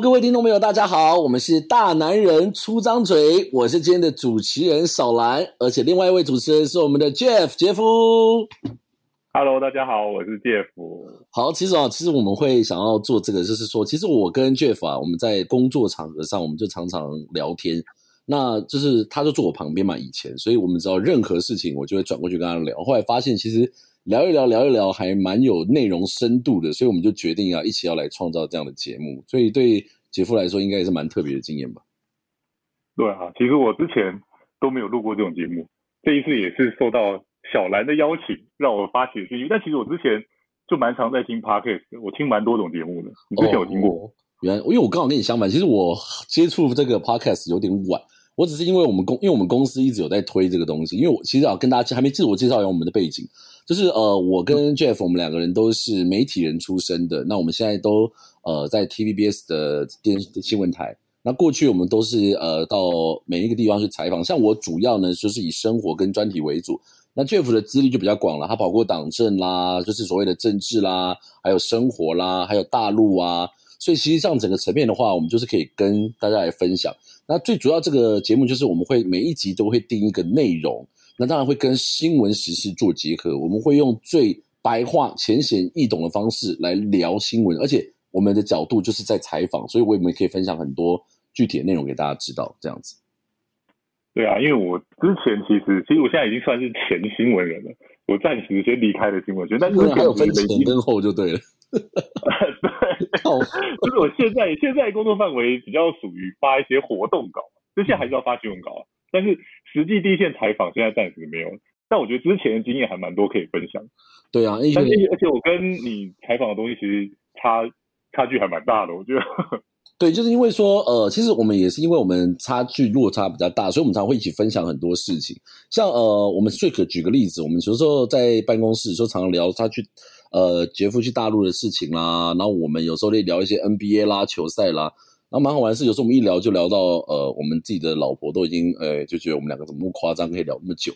各位聽眾朋友，大家好，我們是大男人出張嘴，我是今天的主持人小藍，而且另外一位主持人是我們的 Jeff 傑夫。Hello，大家好，我是 Jeff。好，其實啊，其實我們會想要做這個，就是說，其實我跟 Jeff 啊，我們在工作場合上，我們就常常聊天，那就是他就坐我旁邊嘛，以前，所以我們知道任何事情，我就會轉過去跟他聊。後來發現，其實聊一聊，聊一聊，還蠻有內容深度的，所以我們就決定啊，一起要來創造這樣的節目，所以對。傑夫來說，應該也是蠻特別的經驗吧？對啊，其實我之前都沒有錄過這種節目，這一次也是受到小藍的邀請讓我發起的訊息。但其實我之前就蠻常在聽 podcast，我聽蠻多種節目的。你之前有聽過、哦？原來，因為我剛好跟你相反，其實我接觸這個 podcast 有點晚。我只是因為我們公，因為我們公司一直有在推這個東西。因為我其實要、啊、跟大家還沒自我介紹一下我們的背景，就是呃，我跟 Jeff、嗯、我們兩個人都是媒體人出身的。那我們現在都。呃，在 TVBS 的電視的新聞台，那過去我們都是呃到每一個地方去採訪，像我主要呢就是以生活跟專題為主。那 Jeff 的資歷就比較廣了，他跑過黨政啦，就是所謂的政治啦，還有生活啦，還有大陸啊，所以實際上整個層面的話，我們就是可以跟大家來分享。那最主要這個節目就是我們會每一集都會定一個內容，那當然會跟新聞時事做結合，我們會用最白話、淺顯易懂的方式來聊新聞，而且。我們的角度就是在採訪，所以我也可以分享很多具體的內容給大家知道。這樣子，對啊，因為我之前其實，其實我現在已經算是前新聞人了，我暫時先離開了新聞圈，但是我有分享經驗後就對了。 對，哦，就是我現在現在工作範圍比較屬於發一些活動稿，就現在還是要發新聞稿，但是實際第一線採訪現在暫時沒有。但我覺得之前的經驗還蠻多可以分享。對啊，而且、欸、而且我跟你採訪的東西其實差。差距還蠻大的，我覺得，對，就是因為說，呃，其實我們也是因為我們差距落差比較大，所以我們常常會一起分享很多事情。像呃，我們瑞可舉個例子，我們有時候在辦公室時候常常聊他去，呃，傑夫去大陸的事情啦，然後我們有時候會聊一些 NBA 啦，球賽啦，然後蠻好玩的是，有時候我們一聊就聊到，呃，我們自己的老婆都已經，呃，就覺得我們兩個怎麼那麼誇張可以聊那麼久，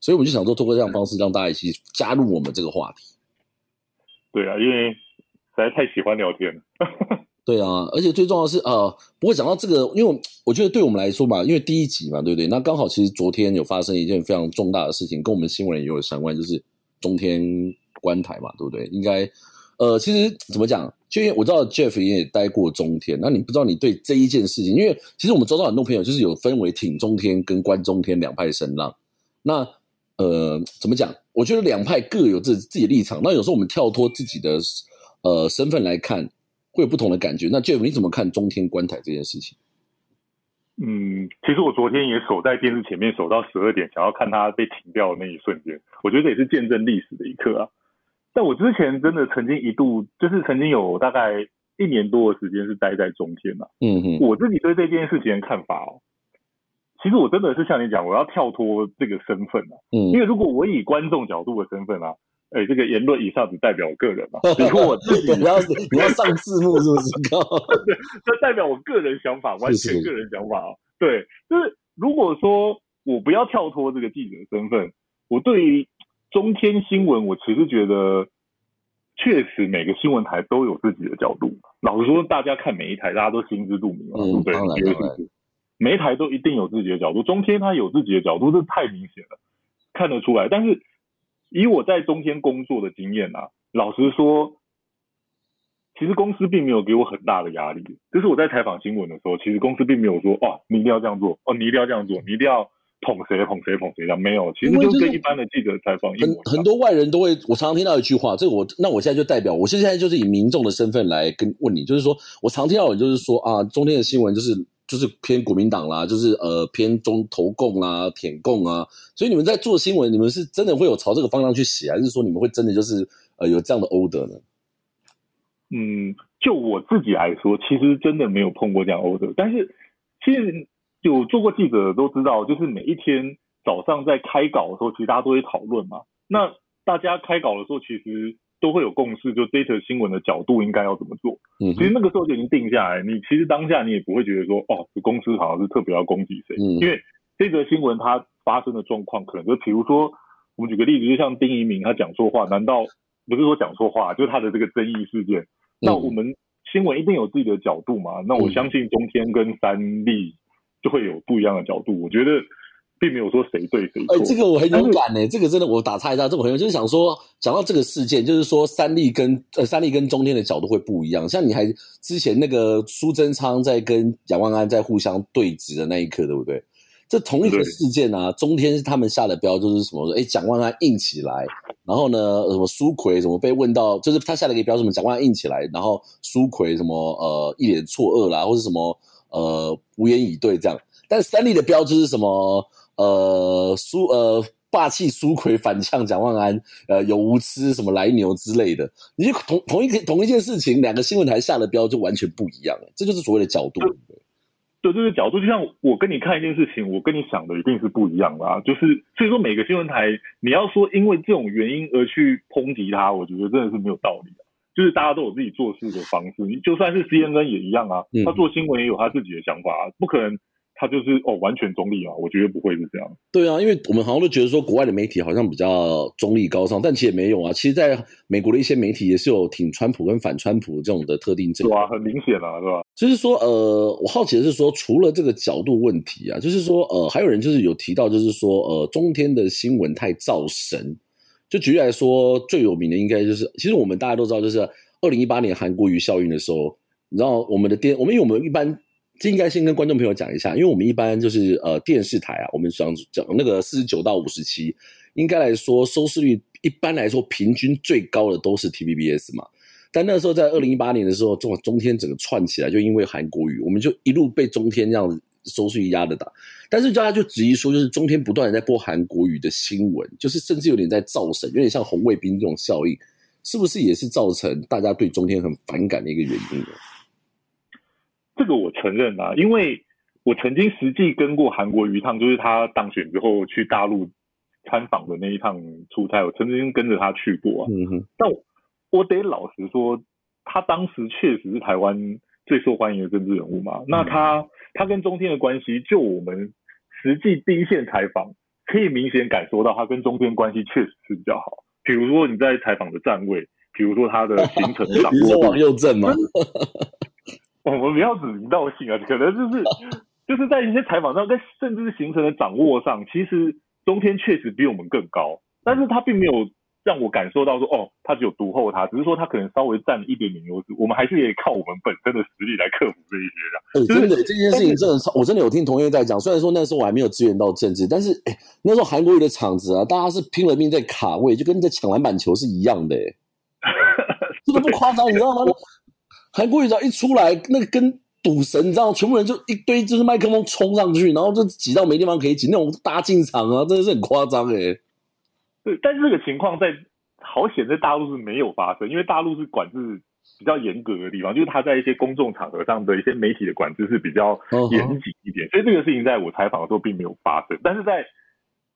所以我們就想說，透過這樣的方式讓大家一起加入我們這個話題。對啊，因為。實在太喜歡聊天了，對啊，而且最重要的是啊、呃，不過講到這個，因為我覺得對我們來說嘛，因為第一集嘛，對不對？那剛好其實昨天有發生一件非常重大的事情，跟我們新聞也有相關，就是中天關台嘛，對不對？應該呃，其實怎麼講，就因為我知道 Jeff 也待過中天，那你不知道你對這一件事情，因為其實我們周遭很多朋友就是有分為挺中天跟關中天兩派聲浪，那呃，怎麼講？我覺得兩派各有自自己的立場，那有時候我們跳脫自己的。呃，身份來看會有不同的感覺。那 Jeff，你怎麼看中天關台這件事情？嗯，其實我昨天也守在電視前面，守到十二點，想要看它被停掉的那一瞬間。我覺得也是見證歷史的一刻啊。但我之前真的曾經一度，就是曾經有大概一年多的時間是待在中天嘛、啊。嗯哼，我自己對這件事情的看法哦，其實我真的是像你講，我要跳脫這個身份啊。嗯，因為如果我以觀眾角度的身份啊。哎、欸，這個言論以上只代表我個人嘛、啊，只括我自己，不要不要上字幕，是不是？對， 這代表我個人想法，完全是是個人想法、啊。對，就是如果說我不要跳脫這個記者的身份，我對於中天新聞，我其實覺得，確實每個新聞台都有自己的角度。老實說，大家看每一台，大家都心知肚明、嗯，對不對？每一台都一定有自己的角度。中天他有自己的角度，這太明顯了，看得出來。但是。以我在中天工作的經驗啊，老實說，其實公司並沒有給我很大的壓力。就是我在採訪新聞的時候，其實公司並沒有說：“哦，你一定要這樣做，哦，你一定要這樣做，你一定要捧誰捧誰捧誰。”這樣沒有，其實就是跟一般的記者採訪一樣。一很很，很多外人都會，我常，常聽到一句話，這個我那我現在就代表，我現在就是以民眾的身份來跟問你，就是說我常聽到，就是說啊，中天的新聞就是。就是偏國民黨啦，就是呃偏中投共啦，啊，舔共啊，所以你們在做新聞，你們是真的會有朝這個方向去寫，啊，還是說你們會真的就是呃有這樣的歐德呢？嗯，就我自己來說，其實真的沒有碰過這樣的歐德，但是其實有做過記者的都知道，就是每一天早上在開稿的時候，其實大家都會討論嘛。那大家開稿的時候，其實。都會有共識，就這一則新聞的角度應該要怎麼做？嗯、其實那個時候就已經定下來。你其實當下你也不會覺得說，哦，這公司好像是特別要攻擊誰、嗯，因為這則新聞它發生的狀況可能就，比如說，我們舉個例子，就像丁一鳴他講錯話，難道不是說講錯話？就他的這個爭議事件，嗯、那我們新聞一定有自己的角度嘛？那我相信中天跟三立就會有不一樣的角度。我覺得。並沒有說誰對誰錯。哎、欸，這個我很勇敢呢、欸。這個真的，我打岔一下，這個朋友就是想說，講到這個事件，就是說三立跟呃三立跟中天的角度會不一樣。像你還之前那個蘇貞昌在跟蔣萬安在互相對峙的那一刻，對不對？這同一個事件啊，中天是他們下的標就是什麼？哎、欸，蔣萬安硬起來，然後呢，什麼蘇揆什麼被問到，就是他下了一個標什麼蔣萬安硬起來，然後蘇揆什麼呃一臉錯愕啦，或者什麼呃無言以對這樣。但三立的標就是什麼？呃，蘇呃霸氣蘇揆反嗆蔣萬安，呃有無知，什麼來牛之類的，你就同同一個同一件事情，兩個新聞台下了標就完全不一樣，了，這就是所謂的角度。對，這對個對、就是、角度。就像我跟你看一件事情，我跟你想的一定是不一樣啦、啊。就是所以說，每個新聞台，你要說因為這種原因而去抨擊他，我覺得真的是沒有道理、啊、就是大家都有自己做事的方式，你就算是 C N N 也一樣啊，嗯、他做新聞也有他自己的想法、啊，不可能。他就是哦，完全中立啊，我覺得不會是這樣。對啊，因為我們好像都覺得說，國外的媒體好像比較中立高尚，但其實也沒有啊。其實，在美國的一些媒體也是有挺川普跟反川普這種的特定陣營。對啊，很明顯啊，是吧、啊？就是說，呃，我好奇的是說，除了這個角度問題啊，就是說，呃，還有人就是有提到，就是說，呃，中天的新聞太造神。就舉例來說，最有名的應該就是，其實我們大家都知道，就是二零一八年韓國瑜效應的時候，然後我們的電，我們因為我們一般。應該先跟觀眾朋友講一下，因為我們一般就是呃電視台啊，我們講講那個四十九到五十七，應該來說收視率一般來說平均最高的都是 TVBS 嘛。但那時候在二零一八年的時候，中中天整個竄起來，就因為韓國瑜，我們就一路被中天這樣收視率壓着打。但是大家就質疑說，就是中天不斷的在播韓國瑜的新聞，就是甚至有點在造神，有點像紅衛兵這種效應，是不是也是造成大家對中天很反感的一個原因呢？這個我承認啊，因為我曾經實際跟過韓國瑜一趟，就是他當選之後去大陸參訪的那一趟出差，我曾經跟着他去過啊。嗯、哼但我，我得老實說，他當時確實是台灣最受歡迎的政治人物嘛。嗯、那他他跟中天的關係，就我們實際第一線採訪，可以明顯感受到他跟中天關係確實是比較好。比如說你在採訪的站位，比如說他的行程掌握度，你 是王又正嗎？ 我們不要指名道姓啊，可能就是就是在一些採訪上，在甚至是行程的掌握上，其實中天確實比我們更高，但是他並沒有讓我感受到說，哦，他只有獨厚，他只是說他可能稍微佔了一點點優勢，我們還是可以靠我們本身的實力來克服這些的、啊就是欸。真的，這件事情真的，我真的有聽同學在講，雖然說那時候我還沒有支援到政治，但是、欸、那時候韓國瑜的場子啊，大家是拼了命在卡位，就跟在搶籃板球是一樣的、欸，真 的不誇張，你知道嗎？ 韓國瑜只要一出來，那個跟賭神這樣，全部人就一堆，就是麥克風衝上去，然後就擠到沒地方可以擠，那種大進場啊，真的是很誇張誒。對，但是這個情況在好險，在大陸是沒有發生，因為大陸是管制比較嚴格的地方，就是他在一些公眾場合上的一些媒體的管制是比較嚴謹一點、哦，所以這個事情在我採訪的時候並沒有發生，但是在。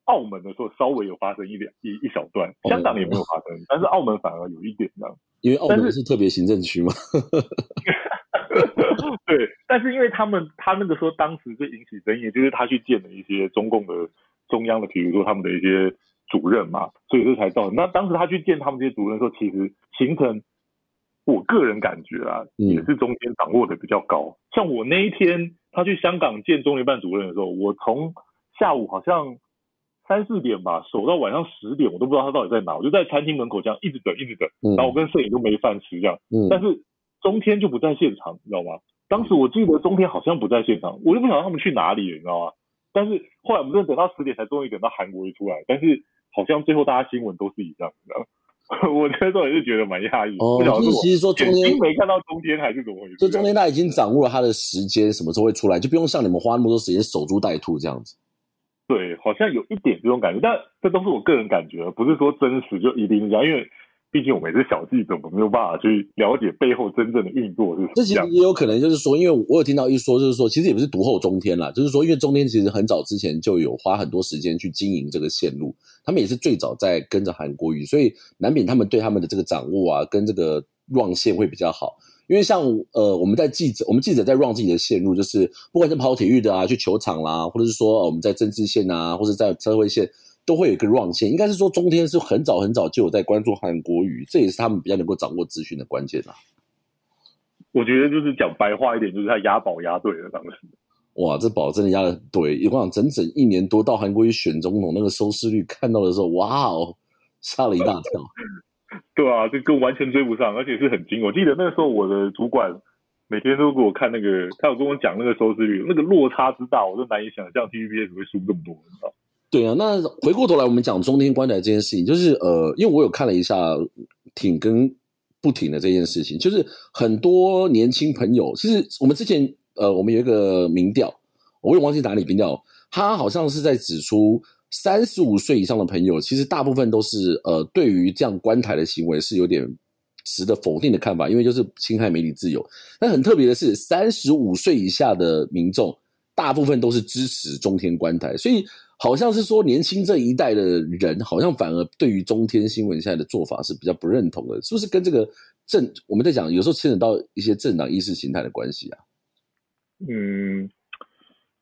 澳門的時候稍微有發生一點一一小段，香港也沒有發生，oh、但是澳門反而有一點這因為澳門是，是特別行政區嘛。 對，但是因為他們他那個時候當時就引起爭議，就是他去見了一些中共的中央的，比如說他們的一些主任嘛，所以是才到。那當時他去見他們這些主任的時候，其實行程我個人感覺啊，也是中間掌握的比較高，嗯。像我那一天他去香港見中聯辦主任的時候，我從下午好像。三四點吧，守到晚上十點，我都不知道他到底在哪，我就在餐廳門口這樣一直等，一直等。然後我跟攝影都沒飯吃，這樣、嗯嗯。但是中天就不在現場，你知道嗎？當時我記得中天好像不在現場，我就不曉得他們去哪裡，你知道嗎？但是後來我們等等到十點才終於等到韓國瑜出來，但是好像最後大家新聞都是一樣，你知道嗎？我那時候也是覺得蠻壓抑。哦、嗯，就是其實說中天沒看到中天還是怎麼回事？就中天他已經掌握了他的時間，什麼時候會出來，就不用像你們花那麼多時間守株待兔這樣子。對，好像有一點這種感覺，但這都是我個人感覺，不是說真實就一定這樣，因為畢竟我們也是小記者，我沒有辦法去了解背後真正的運作是什麼。這其實也有可能，就是說，因為我有聽到一說，就是說，其實也不是獨厚中天啦，就是說，因為中天其實很早之前就有花很多時間去經營這個線路，他們也是最早在跟着韓國瑜，所以難免他們對他們的這個掌握啊，跟這個望線會比較好。因為像呃，我們在記者，我們記者在 run 自己的線路，就是不管是跑體育的啊，去球場啦，或者是說、呃、我們在政治線啊，或者在社會線，都會有一個 run 線。應該是說中天是很早很早就有在關注韓國瑜，這也是他們比較能夠掌握資訊的關鍵啦。我覺得就是講白話一點，就是他押寶押對了，當時哇，這寶真的押的很對。我想整整一年多到韓國瑜選總統，那個收視率看到的時候，哇哦，嚇了一大跳。嗯嗯對啊，就跟完全追不上，而且是很驚。我記得那個時候我的主管每天都給我看那個，他有跟我講那個收視率，那個落差之大，我都難以想象。T V B 怎麼會輸這麼多人？對啊，那回過頭來我們講中天關台這件事情，就是呃，因為我有看了一下挺跟不挺的這件事情，就是很多年輕朋友，其實我們之前呃，我們有一個民調，我也忘記哪裡民調，他好像是在指出。三十五歲以上的朋友，其實大部分都是呃，對於這樣關台的行為是有點值得否定的看法，因為就是侵害媒體自由。但很特別的是，三十五歲以下的民眾，大部分都是支持中天關台，所以好像是說年輕這一代的人，好像反而對於中天新聞現在的做法是比較不認同的，是不是跟這個政我們在講，有時候牽扯到一些政黨意識形態的關係啊？嗯。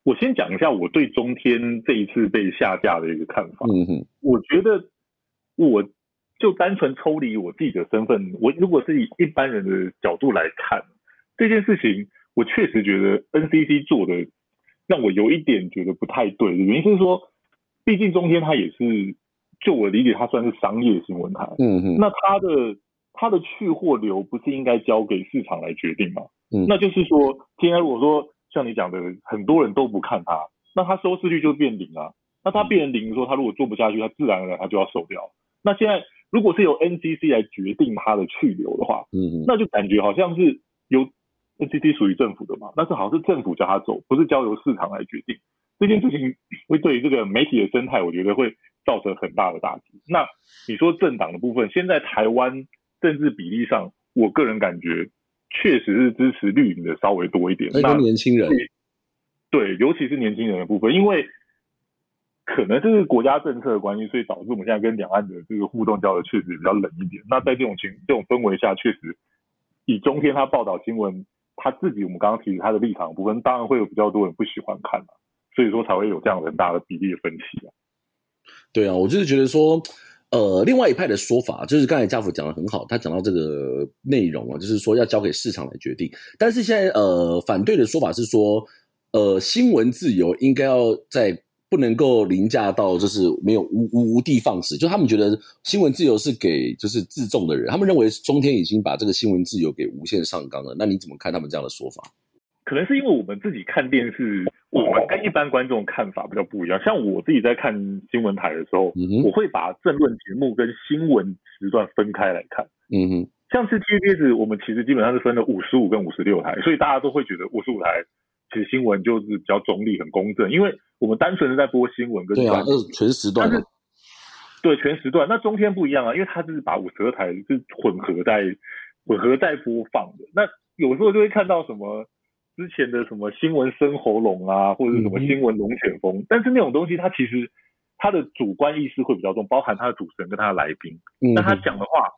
我先講一下我對中天這一次被下架的一個看法。嗯哼，我覺得我就單純抽離我自己的身份，我如果是以一般人的角度來看這件事情，我確實覺得 NCC 做的讓我有一點覺得不太對的原因是說，畢竟中天它也是，就我理解它算是商業新聞台。嗯哼，那它的它的去貨流不是應該交給市場來決定嗎？嗯，那就是說，今天如果說。像你講的，很多人都不看它，那它收視率就變零了啊。那它變零的時候它如果做不下去，它自然而然它就要收掉。那現在如果是由 NCC 來決定它的去留的話，嗯，那就感覺好像是由 NCC 屬於政府的嘛，那是好像是政府叫它走，不是交由市場來決定。這件事情會對於這個媒體的生態，我覺得會造成很大的打擊。那你說政黨的部分，現在台灣政治比例上，我個人感覺。確實是支持綠營的稍微多一點，那年輕人對，對，尤其是年輕人的部分，因為可能這是國家政策的關係，所以導致我們現在跟兩岸的這個互動交流確實比較冷一點。那在這種情、這種氛圍下，確實以中天他報道新聞，他自己我們剛剛提及他的立場的部分，當然會有比較多人不喜歡看嘛、啊，所以說才會有這樣很大的比例的分歧啊。對啊，我就是覺得說。呃，另外一派的說法就是剛才傑夫講的很好，他講到這個內容啊，就是說要交給市場來決定。但是現在呃，反對的說法是說，呃，新聞自由應該要在不能夠凌駕到，就是沒有無無無的放矢。就他們覺得新聞自由是給就是自重的人，他們認為中天已經把這個新聞自由給無限上綱了。那你怎麼看他們這樣的說法？可能是因為我們自己看電視。我們跟一般觀眾看法比較不一樣，像我自己在看新聞台的時候，嗯、我會把政論節目跟新聞時段分開來看。嗯哼，像是 TVBS，我們其實基本上是分了五十五跟五十六台，所以大家都會覺得五十五台其實新聞就是比較中立、很公正，因為我們單純是在播新聞跟新聞，對啊，就是全時段。的。對全時段，那中天不一樣啊，因為它就是把五十二台是混合在混合在播放的，那有時候就會看到什麼。之前的什麼新聞深喉嚨，啊，或者是什麼新聞龍捲風，嗯，但是那種東西它其實它的主觀意識會比較重，包含它的主持人跟它的來賓，那他講的話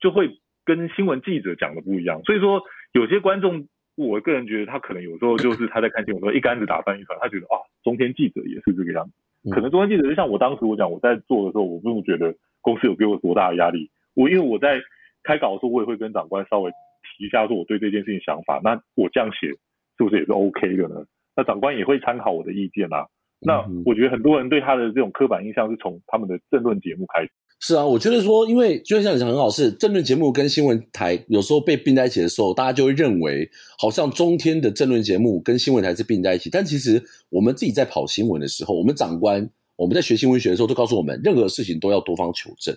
就會跟新聞記者講的不一樣。所以說有些觀眾，我個人覺得他可能有時候就是他在看新聞時候一竿子打翻一船， 他覺得啊、哦，中天記者也是這個樣子。嗯、可能中天記者就像我當時我講我在做的時候，我並不覺得公司有給我多大的壓力，我因為我在開稿的時候，我也會跟長官稍微提一下說我對，對這件事情想法，那我這樣寫。是不是也是 OK 的呢？那長官也會參考我的意見啦、啊。嗯嗯，那我覺得很多人對他的這種刻板印象是從他們的政論節目開始。是啊，我覺得說，因為就像你講很好是，是政論節目跟新聞台有時候被並在一起的時候，大家就會認為好像中天的政論節目跟新聞台是並在一起。但其實我們自己在跑新聞的時候，我們長官我們在學新聞學的時候，都告訴我們，任何事情都要多方求證，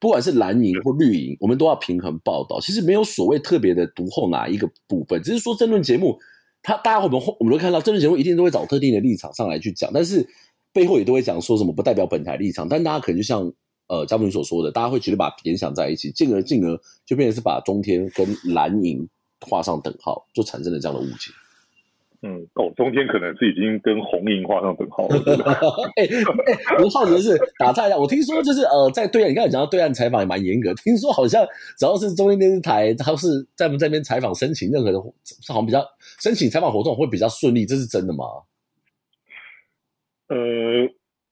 不管是藍營或綠營，我們都要平衡報道。其實沒有所謂特別的獨厚哪一個部分，只是說政論節目。他大家會我們我們都看到，政治節目一定都會找特定的立場上來去講，但是背後也都會講說什麼不代表本台立場。但大家可能就像呃嘉明所說的，大家會覺得把聯想在一起，進而進而就變成是把中天跟藍營畫上等號，就產生了這樣的誤解。嗯，哦，中間可能是已經跟紅營畫上等號了。哎哎，吳浩宇是 打岔一下，我聽說就是呃，在對岸，你剛才講到對岸採訪也蠻嚴格，聽說好像只要是中央電視台，他是在我們這邊採訪申請任何的，好像比較申請採訪活動會比較順利，這是真的嗎？呃，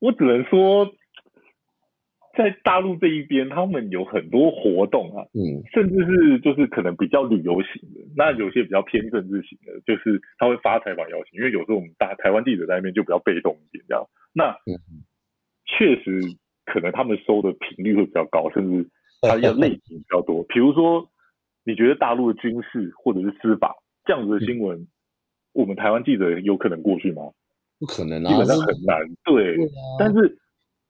我只能說。在大陸這一邊，他們有很多活動啊，嗯，甚至是就是可能比較旅遊型的，那有些比較偏政治型的，就是他會發採訪邀請，因為有時候我們大台灣記者在那邊就比較被動一點，這樣。那，嗯，確實可能他們收的頻率會比較高，甚至它要類型比較多、嗯嗯。比如說，你覺得大陸的軍事或者是司法這樣子的新聞、嗯，我們台灣記者有可能過去嗎？不可能啊，基本上很難。啊，對，對啊、對，但是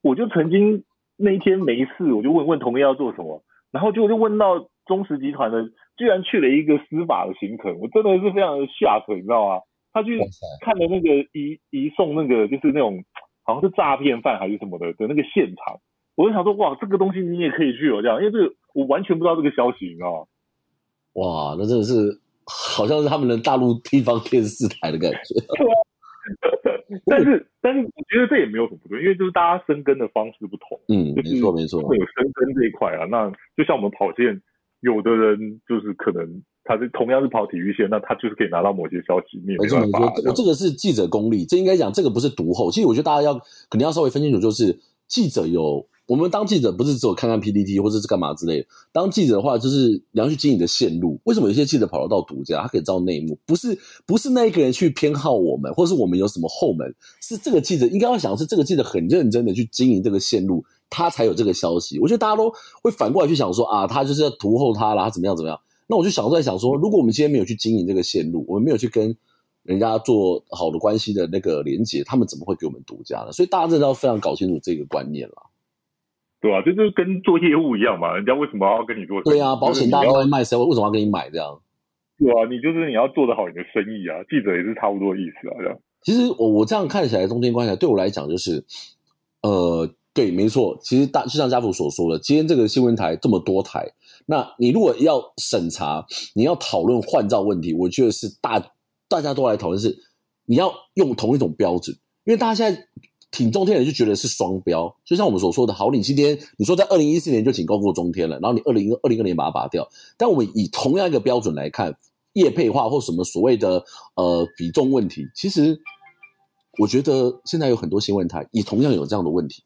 我就曾經。那一天沒事，我就問問同學要做什麼，然後就就問到中時集團的，居然去了一個司法的行程，我真的是非常的下頭，你知道嗎？他去看了那個移移送那個就是那種好像是詐騙犯還是什麼的的那個現場，我就想說哇，這個東西你也可以去哦，這樣，因為這個我完全不知道這個消息，你知道嗎？哇，那真的是好像是他們的大陸地方電視台的感覺。 但是，但是我覺得這也沒有什麼不對，因為就是大家生根的方式不同，嗯，就是、沒錯沒錯，會有生根這一塊啊。那就像我們跑線、嗯，有的人就是可能他是同樣是跑體育線，那他就是可以拿到某些消息，沒錯沒錯。我這個是記者功力，這應該講這個不是獨厚。其實我覺得大家要肯定要稍微分清楚，就是。記者有，我們當記者不是只有看看 PPT 或者是幹嘛之類的。當記者的話，就是你要去經營的線路。為什麼有些記者跑得到獨家，他可以招內幕？不是不是那一個人去偏好我們，或是我們有什麼後門？是這個記者應該要想，是這個記者很認真的去經營這個線路，他才有這個消息。我覺得大家都會反過來去想說啊，他就是要圖後他啦，怎麼樣怎麼樣？那我就想在想說，如果我們今天沒有去經營這個線路，我們沒有去跟。人家做好的關係的那個連結，他們怎麼會給我們獨家呢？所以大家真的要非常搞清楚這個觀念了，對啊，就是跟做業務一樣嘛，人家為什麼要跟你做？對啊，保險、就是、大哥賣誰？為什麼要跟你買這樣？對啊，你就是你要做得好你的生意啊。記者也是差不多意思啊這樣。其實我我這樣看起來，中天關係對我來講就是，呃，對，沒錯。其實大就像傑夫所說的，今天這個新聞台這麼多台，那你如果要審查，你要討論換照問題，我覺得是大。大家都來討論是，你要用同一種標準，因為大家現在挺中天的人就覺得是雙標，就像我們所說的，好，你今天你說在二零一四年就警告過中天了，然後你二零二零年把它拔掉，但我們以同樣一個標準來看，業配化或什麼所謂的呃比重問題，其實我覺得現在有很多新聞台也同樣有這樣的問題。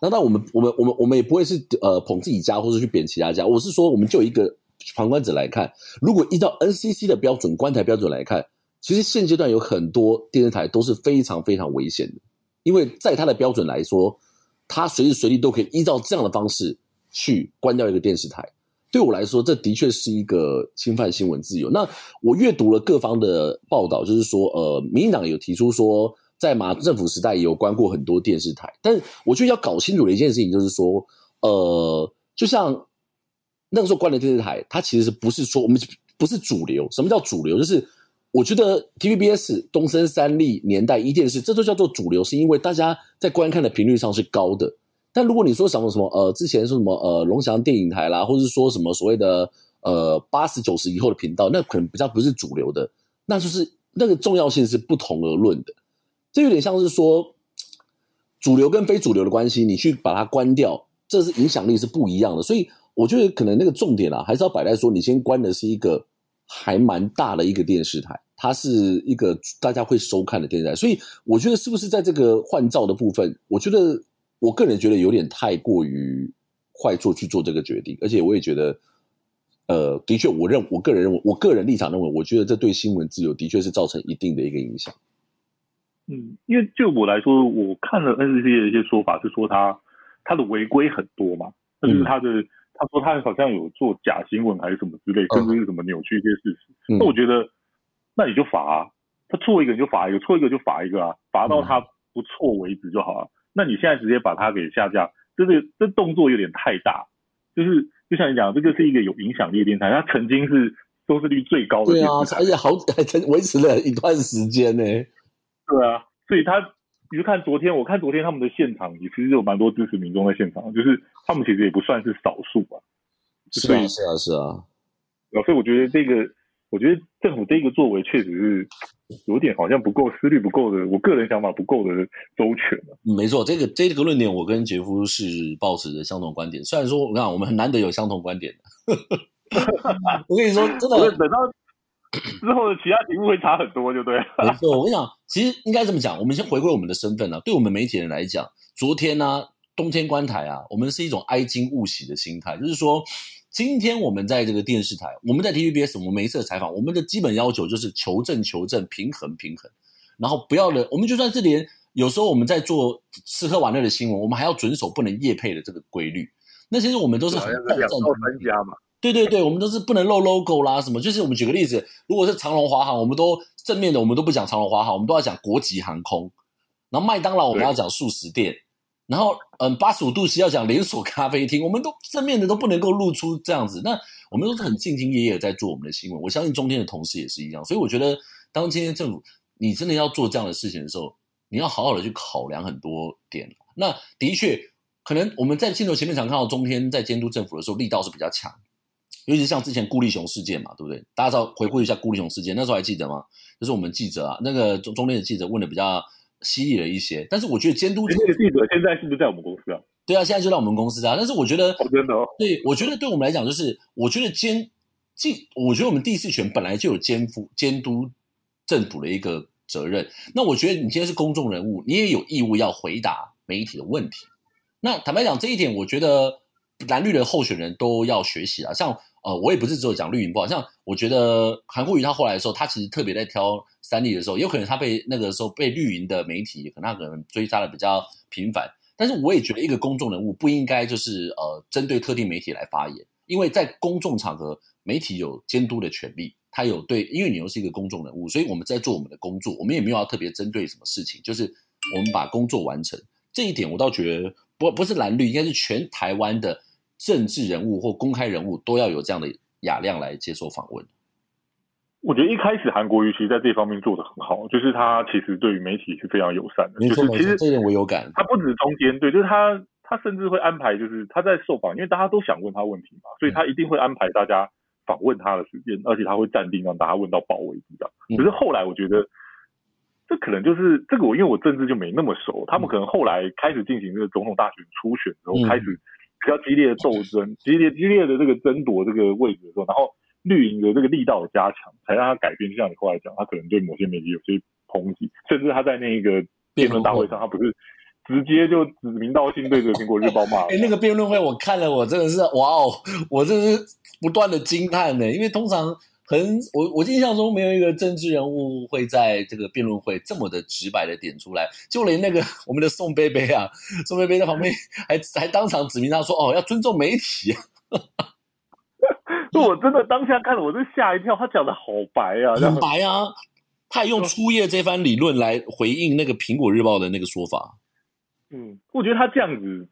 那當然我們我們我們我們也不會是呃捧自己家或是去貶其他家。我是說，我們就一個旁觀者來看，如果依照 NCC 的標準、關台標準來看，其實現階段有很多電視台都是非常非常危險的，因為在它的標準來說，它隨時隨地都可以依照這樣的方式去關掉一個電視台。對我來說，這的確是一個侵犯新聞自由。那我閱讀了各方的報道，就是說，呃，民進黨有提出說，在馬政府時代也有關過很多電視台，但是我覺得要搞清楚的一件事情就是說，呃，就像那個時候關的電視台，它其實不是說我們不是主流。什麼叫主流？就是。我覺得 TVBS 東森、三立、年代、壹電視，這都叫做主流，是因為大家在觀看的頻率上是高的。但如果你說什麼什麼呃，之前說什麼呃，龍祥電影台啦，或者說什麼所謂的呃，八十九十以後的頻道，那可能比較不是主流的，那就是那個重要性是不同而論的。這有點像是說主流跟非主流的關係，你去把它關掉，這是影響力是不一樣的。所以我覺得可能那個重點啊，還是要擺在說你先關的是一個。還蠻大的一個電視台，它是一個大家會收看的電視台，所以我覺得是不是在這個換照的部分，我覺得我個人覺得有點太過於快速去做這個決定，而且我也覺得，呃，的確，我認我個人認為，我個人，認為我個人立場認為，我覺得這對新聞自由的確是造成一定的一個影響。嗯，因為就我來說，我看了 NCC 的一些說法是說他他的違規很多嘛，是它就是他的。嗯他說他好像有做假新聞還是什麼之類，甚至是什麼扭曲一些事情。那、嗯、我覺得，那你就罰啊，他錯一個你就罰一個，錯一個就罰一個啊，罰到他不錯為止就好了、嗯。那你現在直接把他給下架，這、就、個、是、這動作有點太大。就是就像你講，這個是一個有影響力的電台，他曾經是收視率最高的電台，而且、啊、好還維持了一段時間呢、欸。對啊，所以他。你就看昨天，我看昨天他們的現場，也其實有蠻多支持民眾在現場，就是他們其實也不算是少數吧、啊啊。是啊，是啊，是啊。所以，我覺得這個，我覺得政府這個作為確實是有點好像不夠思慮不夠的，我個人想法不夠的周全、啊嗯、沒錯，這個這個論點，我跟杰夫是抱持着相同觀點。雖然說，你看我們很難得有相同觀點呵呵 我跟你說，真的 等到。之後的其他題目會差很多，就對了 沒錯，我跟你講，其實應該這麼講，我們先回歸我們的身份啊，對我們媒體人來講，昨天呢、啊，中天關台啊，我們是一種哀矜勿喜的心態，就是說，今天我們在這個電視台，我們在 TVBS，我們每一次的採訪，我們的基本要求就是求證、求證，平衡、平衡，然後不要的，我們就算是連有時候我們在做吃喝玩樂的新聞，我們還要遵守不能業配的這個規律。那其實我們都是兩套專家嘛。對對對，我們都是不能露 logo 啦，什麼就是我們舉個例子，如果是長榮華航，我們都正面的，我們都不講長榮華航，我們都要講國籍航空。然後麥當勞我們要講速食店，然後嗯八十五度 C 要講連鎖咖啡廳，我們都正面的都不能夠露出這樣子。那我們都是很兢兢業業在做我們的新聞，我相信中天的同事也是一樣。所以我覺得，當今天政府你真的要做這樣的事情的時候，你要好好的去考量很多點。那的確，可能我們在鏡頭前面常看到中天在監督政府的時候力道是比較強。尤其是像之前顧立雄事件嘛，對不對？大家知道回顧一下顧立雄事件，那時候還記得嗎？就是我們記者啊，那個中天的記者問的比較犀利了一些。但是我覺得監督那、這個記者現在是不是在我們公司啊？對啊，現在就在我們公司啊。但是我覺得，哦，對，我覺得對我們來講，就是我覺得監進，我覺得我們第四權本來就有肩負監督政府的一個責任。那我覺得你今天是公眾人物，你也有義務要回答媒體的問題。那坦白講，這一點我覺得藍綠的候選人都要學習啊，像。呃，我也不是只有講綠營不好，像我覺得韓國瑜他後來的時候，他其實特別在挑三立的時候，有可能他被那個時候被綠營的媒體可能，他可能追殺的比較頻繁。但是我也覺得一個公眾人物不應該就是呃針對特定媒體來發言，因為在公眾場合，媒體有監督的權利，他有對，因為你又是一個公眾人物，所以我們在做我們的工作，我們也沒有要特別針對什麼事情，就是我們把工作完成，這一點，我倒覺得不不是藍綠，應該是全台灣的。政治人物或公開人物都要有這樣的雅量來接受訪問。我覺得一開始韓國瑜其實在這方面做得很好，就是他其實對於媒體是非常友善的。沒錯，就是、其實，這點我有感。他不止中間、啊、對，就是他他甚至會安排，就是他在受訪，因為大家都想問他問題嘛，所以他一定會安排大家訪問他的時間、嗯，而且他會暫定讓大家問到飽為止的。可、就是後來我覺得，這可能就是這個我，因為我政治就沒那麼熟，嗯、他們可能後來開始進行這個總統大選初選，然後開始、嗯。比較激烈的鬥爭，激烈激烈的這個爭奪這個位置的時候，然後綠營的這個力道加強，才讓他改變。就像你後來講，他可能對某些媒體有些抨擊，甚至他在那個辯論大會上，他不是直接就指名道姓對着《蘋果日報》罵。哎，那個辯論會我看了，我、哦，我真的是哇哦，我這是不斷的驚嘆呢，因為通常。很，我我印象中沒有一個政治人物會在這個辯論會這麼的直白的點出來，就連那個我們的宋貝貝啊，宋貝貝在旁邊還還當場指名他說，哦要尊重媒體啊，是我真的當下看了我是嚇一跳，他講的好白啊，很白啊，他也用初夜這番理論來回應那個蘋果日報的那個說法，嗯，我覺得他這樣子。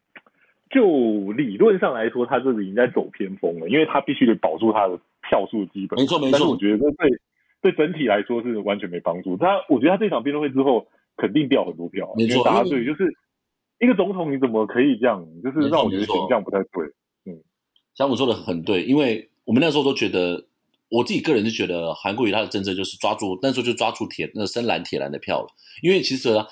就理論上來說，他這裡應該走偏鋒了，因為他必須得保住他的票數基本，沒錯沒錯。但是我覺得這對對，對整體來說是完全沒幫助。他，我覺得他這場辯論會之後肯定掉很多票，沒錯，大家對、就是，就是一個總統你怎麼可以這樣？就是讓我覺得選項不太對。嗯，小五說的很對，因為我們那時候都覺得，我自己個人是覺得，韓國瑜他的政策就是抓住那時候就抓住鐵那個、深藍鐵藍的票了，因為其實。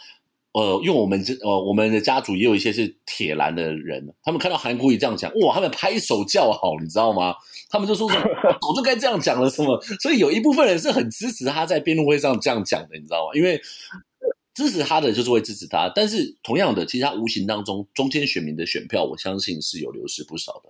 呃，用我們這呃，我們的家族也有一些是鐵藍的人，他們看到韓國瑜這樣講，哇，他們拍手叫好，你知道嗎？他們就說是， 早就該這樣講了，什麼？所以有一部分人是很支持他在辯論會上這樣講的，你知道嗎？因為支持他的就是會支持他，但是同樣的，其實他無形當中中間選民的選票，我相信是有流失不少的。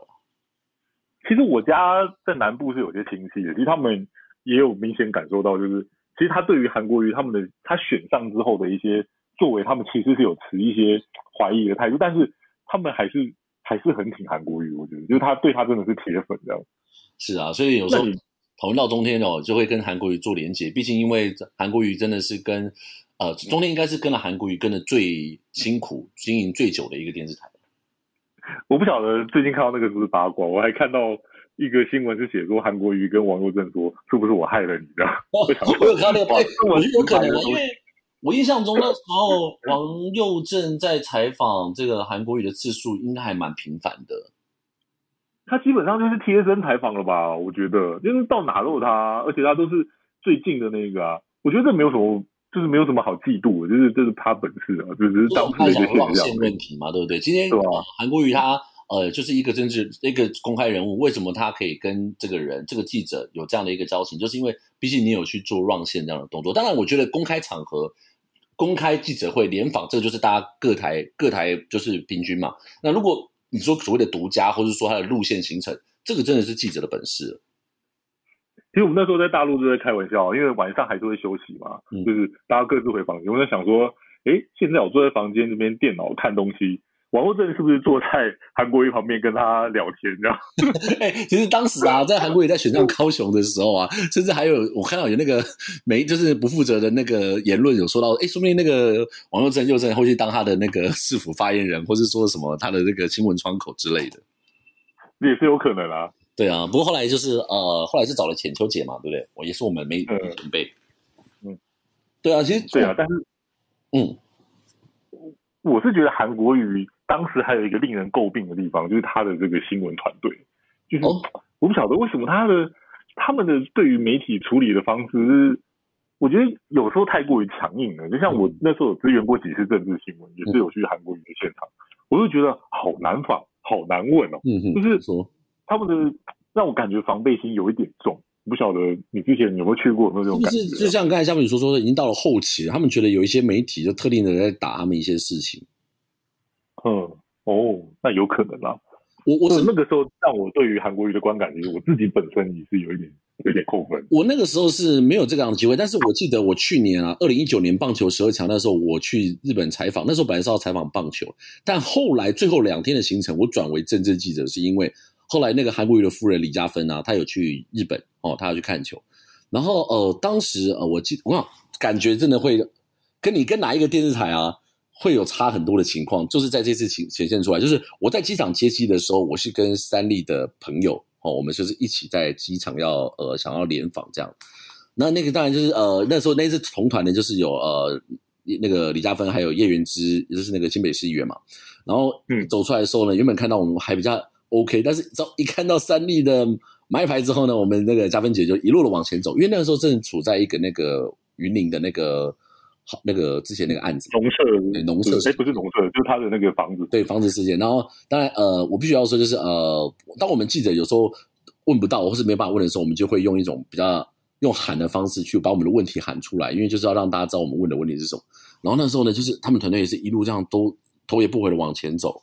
其實我家在南部是有些親戚的，其實他們也有明顯感受到，就是其實他對於韓國瑜他們的他選上之後的一些。作為他們其實是有持一些懷疑的態度，但是他們還是還是很挺韓國瑜，我覺得就是他對他真的是鐵粉這樣。是啊，所以有時候討論到中天哦，就會跟韓國瑜做連接，畢竟因為韓國瑜真的是跟呃中天應該是跟了韓國瑜跟得最辛苦，嗯、經營最久的一個電視台。我不曉得最近看到那個是不是八卦，我還看到一個新聞是寫說韓國瑜跟王又正說：“是不是我害了你，啊？”這、哦、樣。我有看到、這個，報導、欸、我就有可能因為。我印象中那時候，王佑正在採訪這個韓國瑜的次數應該還蠻頻繁的。他基本上就是貼身採訪了吧？我覺得，就是到哪都有他，而且他都是最近的那個、啊。我覺得這沒有什麼，就是沒有什麼好嫉妒，就是這、就是他本事啊，就是當面網線問題嘛，對不對？今天韓、啊、國瑜他呃，就是一個政治一個公開人物，為什麼他可以跟這個人這個記者有這樣的一個交情？就是因為畢竟你有去做讓線這樣的動作。當然，我覺得公開場合。公開記者會聯訪，這個就是大家各台各台就是平均嘛。那如果你說所謂的獨家，或者說它的路線行程，這個真的是記者的本事了。其實我們那時候在大陸都在開玩笑，因為晚上還是會休息嘛，就是大家各自回房間、嗯。有沒有想說，哎、欸，現在我坐在房間這邊電腦看東西？王又正是不是坐在韓國瑜旁邊跟他聊天？這樣 、欸？其實當時啊，在韓國瑜在選上高雄的時候啊，甚至還有我看到有那個沒就是不負責的那個言論，有說到，誒、欸，說不定那個王又正又是後續當他的那個市府發言人，或是說什麼他的那個新聞窗口之類的，這也是有可能啊。對啊，不過後來就是呃，後來是找了淺秋姐嘛，對不對？我也是我們沒準備。嗯，嗯對啊，其實對啊，但是嗯，我是覺得韓國瑜。當時還有一個令人詬病的地方，就是他的這個新聞團隊，就是我不曉得為什麼他的、哦、他們的對於媒體處理的方式，我覺得有時候太過於強硬了。就像我那時候有支援過幾次政治新聞、嗯，也是有去韓國瑜的現場、嗯，我就覺得好難訪，好難問哦。嗯哼，就是他們的讓我感覺防備心有一點重。嗯、不曉得你之前有沒有去過，有沒有這種感覺是是、啊？就是像剛才夏美你說說的，已經到了後期了，他們覺得有一些媒體就特定的在打他們一些事情。嗯，哦，那有可能啊。我我是、哦、那個時候，讓我對於韓國瑜的觀感，我自己本身也是有一點有點扣分。我那個時候是沒有這個樣的機會，但是我記得我去年啊，二零一九年棒球十二強那時候，我去日本採訪，那時候本來是要採訪棒球，但後來最後兩天的行程，我轉為政治記者，是因為後來那個韓國瑜的夫人李佳芬啊，她有去日本哦，她要去看球，然後呃，當時呃，我記我感覺真的會跟你跟哪一個電視台啊？會有差很多的情況，就是在這次顯顯現出來。就是我在機場接機的時候，我是跟三立的朋友哦，我們就是一起在機場要呃想要聯訪這樣。那那個當然就是呃那時候那次同團的，就是有呃那個李佳芬還有葉元之，也就是那個新北市議員嘛。然後走出來的時候呢，嗯、原本看到我們還比較 OK，但是一看到三立的麥牌之後呢，我們那個佳芬姐就一路的往前走，因為那個時候正處在一個那個雲林的那個。那個之前那個案子，農舍對農舍，哎、欸，不是農舍，就是他的那個房子，對房子事件。然後當然，呃，我必須要說，就是呃，當我們記者有時候問不到或是沒辦法問的時候，我們就會用一種比較用喊的方式去把我們的問題喊出來，因為就是要讓大家知道我們問的問題是什麼。然後那時候呢，就是他們團隊也是一路這樣都頭也不回的往前走，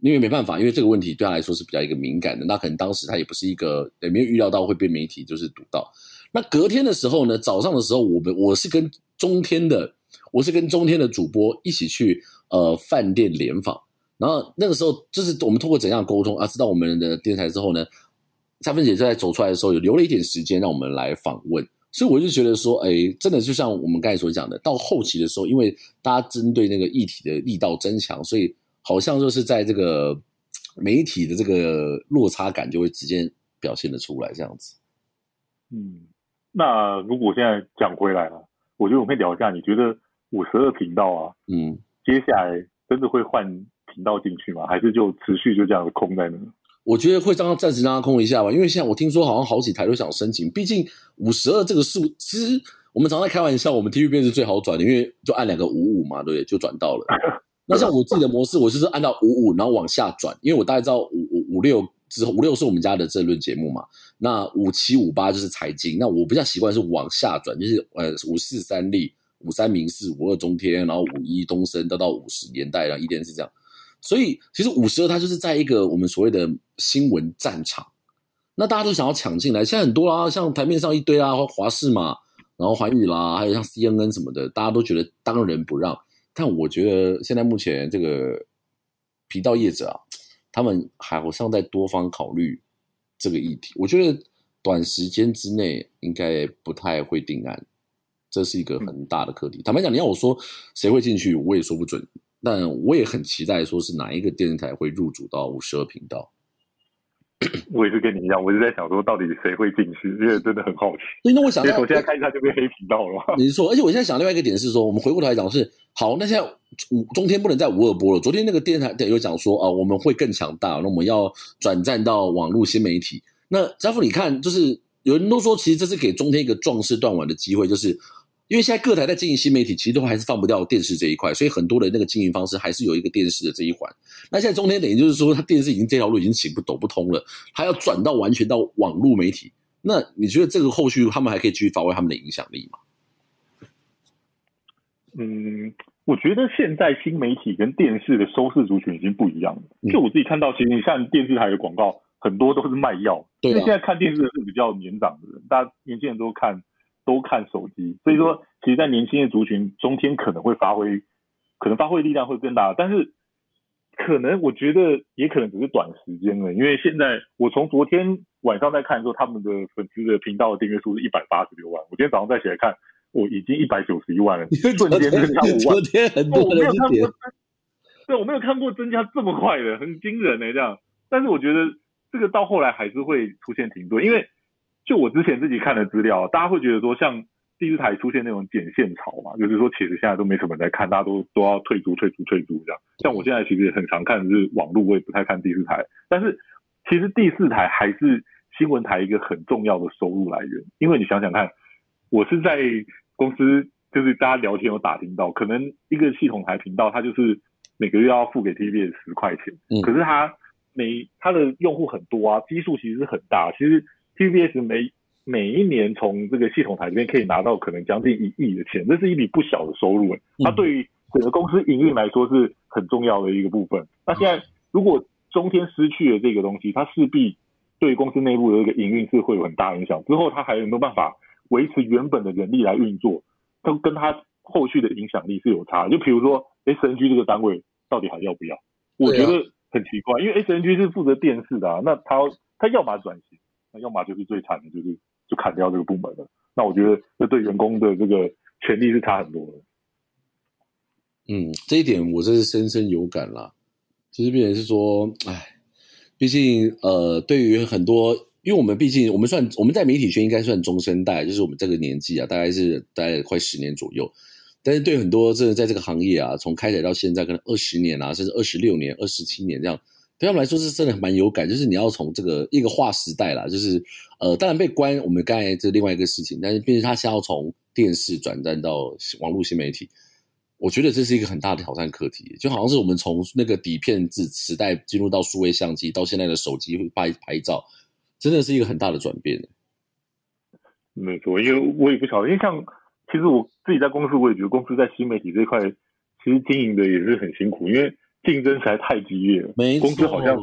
因為沒辦法，因為這個問題對他來說是比較一個敏感的，那可能當時他也不是一個也沒有預料到會被媒體就是堵到。那隔天的時候呢，早上的時候，我們我是跟。中天的，我是跟中天的主播一起去呃飯店聯訪，然後那個時候就是我們通過怎樣溝通啊，知道我們的電台之後呢，夏芬姐在走出來的時候，有留了一點時間讓我們來訪問，所以我就覺得說，哎、欸，真的就像我們剛才所講的，到後期的時候，因為大家針對那個議題的力道增強，所以好像就是在這個媒體的這個落差感就會直接表現得出來這樣子。嗯，那如果現在講回來了。我覺得我們可以聊一下，你覺得五十二頻道啊，嗯，接下來真的會換頻道進去嗎？還是就持續就這樣子空在那？我覺得會讓它暫時讓它空一下吧，因為現在我聽說好像好幾台都想申請，畢竟五十二這個數，其實我們常在開玩笑，我們 TVB 是最好轉的，因為就按兩個五五嘛，對，就轉到了。 那像我自己的模式，我就是按照五五，然後往下轉，因為我大概知道五五五六。之後五六是我們家的政論節目嘛，那五七五八就是財經，那我比較習慣是往下轉，就是呃五四三立五三民視五二中天，然後五一東升，到到五十年代，然後一點是這樣，所以其實五十二它就是在一個我們所謂的新聞戰場，那大家都想要搶進來，現在很多啦，像台面上一堆啊，華視嘛，然後寰宇啦，還有像 C N N 什麼的，大家都覺得當仁不讓，但我覺得現在目前這個頻道業者啊。他們還好像在多方考慮這個議題，我覺得短時間之內應該不太會定案，這是一個很大的課題。嗯。坦白講，你要我說誰會進去，我也說不準。但我也很期待，說是哪一個電視台會入主到五十二頻道。 我也是跟你一樣，我就在想說，到底誰會進去？因為真的很好奇。所以那我想，我現在看一下就被黑頻道了。你是說，而且我現在想另外一個點是說，我們回過頭來講是好，那現在中天不能再五二播了。昨天那個電台有講說啊，我們會更強大，那我們要轉戰到網絡新媒體。那傑夫你看，就是有人都說，其實這是給中天一個壯士斷腕的機會，就是。因為現在各台在經營新媒體，其實都還是放不掉電視這一塊，所以很多的那個經營方式還是有一個電視的這一環。那現在中天等於就是說，它電視已經這條路已經行不走不通了，還要轉到完全到網絡媒體。那你覺得這個後續他們還可以繼續發揮他們的影響力嗎？嗯，我覺得現在新媒體跟電視的收視族群已經不一樣了。就我自己看到，其實像電視台的廣告，很多都是賣藥，對，現在看電視的是比較年長的人，大家年輕人都看，都看手機，所以說，其實，在年輕的族群中間可能會發揮，可能發揮力量會更大，但是，可能我覺得，也可能只是短時間了，因為現在我從昨天晚上在看的時候，他們的粉絲的頻道的訂閱數是一百八十六萬，我今天早上再起來看，我已經一百九十一萬了，你 瞬間增加五萬，昨天很多沒有看過，對，我沒有看過增加這麼快的，很驚人的、欸、這樣，但是我覺得這個到後來還是會出現停頓，因為。就我之前自己看的資料，大家會覺得說，像第四台出現那種剪線潮嘛，就是說其實現在都沒什麼人在看，大家都都要退租退租退租這樣。像我現在其實很常看的是網絡，我也不太看第四台。但是其實第四台還是新聞台一個很重要的收入來源，因為你想想看，我是在公司就是大家聊天有打聽到，可能一個系統台頻道，它就是每個月要付給 TVBS 十塊錢，可是它每它的用戶很多啊，基數其實是很大，其實。TBS 每每一年從這個系統台裡面可以拿到可能將近一億的錢，這是一筆不小的收入它、欸、那、嗯啊、對於整個公司營運來說是很重要的一個部分。那現在如果中天失去了這個東西，它勢必對公司內部的一個營運是會有很大影響。之後它還有沒有辦法維持原本的人力來運作？都跟它後續的影響力是有差的。就比如說 S N G 這個單位到底還要不要？啊、我覺得很奇怪，因為 S N G 是負責電視的、啊，那它它要把它轉型。那要麼就是最慘的，就是就砍掉這個部門了。那我覺得這對員工的這個權利是差很多的。嗯，這一點我真是深深有感啦。其實變成是說，哎，畢竟呃，對於很多，因為我們畢竟我們算我們在媒體圈應該算中生代，就是我們這個年紀啊，大概是大概快十年左右。但是對很多，這個在這個行業啊，從開始到現在可能二十年啊，甚至二十六年、二十七年這樣。對他們來說是真的蠻有感，就是你要從這個一個劃時代啦，就是呃，當然被關，我們剛才這另外一個事情，但是畢竟他現在要從電視轉戰到網絡新媒體，我覺得這是一個很大的挑戰課題，就好像是我們從那個底片自磁帶進入到數位相機到現在的手機會拍拍照，真的是一個很大的轉變。沒錯，因為我也不曉得，因為像其實我自己在公司，我也覺得公司在新媒體這一塊其實經營的也是很辛苦，因為。競爭實在太激烈了，公司好像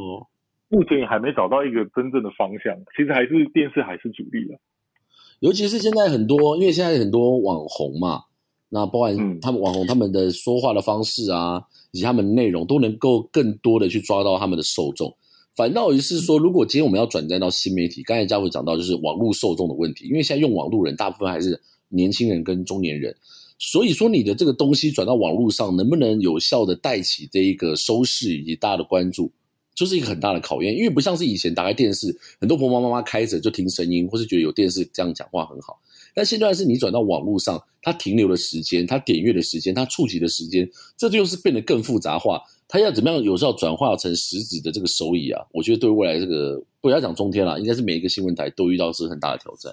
目前也還沒找到一個真正的方向。其實還是電視還是主力的啊。尤其是現在很多，因為現在很多網紅嘛，那包含他們，嗯，網紅他們的說話的方式啊，以及他們的內容都能夠更多的去抓到他們的受眾。反倒於是說，如果今天我們要轉戰到新媒體，剛才嘉偉講到就是網絡受眾的問題，因為現在用網路人大部分還是年輕人跟中年人。所以說，你的這個東西轉到網絡上，能不能有效的帶起這一個收視以及大家的關注，就是一個很大的考驗。因為不像是以前打開電視，很多婆婆媽媽開着就聽聲音，或是覺得有電視這樣講話很好。但現在是你轉到網絡上，它停留的時間、它點閱的時間、它觸及的時間，這就又是變得更複雜化。它要怎麼樣有時候轉化成實質的這個收益啊？我覺得對未來這個不要講中天了啊，應該是每一個新聞台都遇到是很大的挑戰。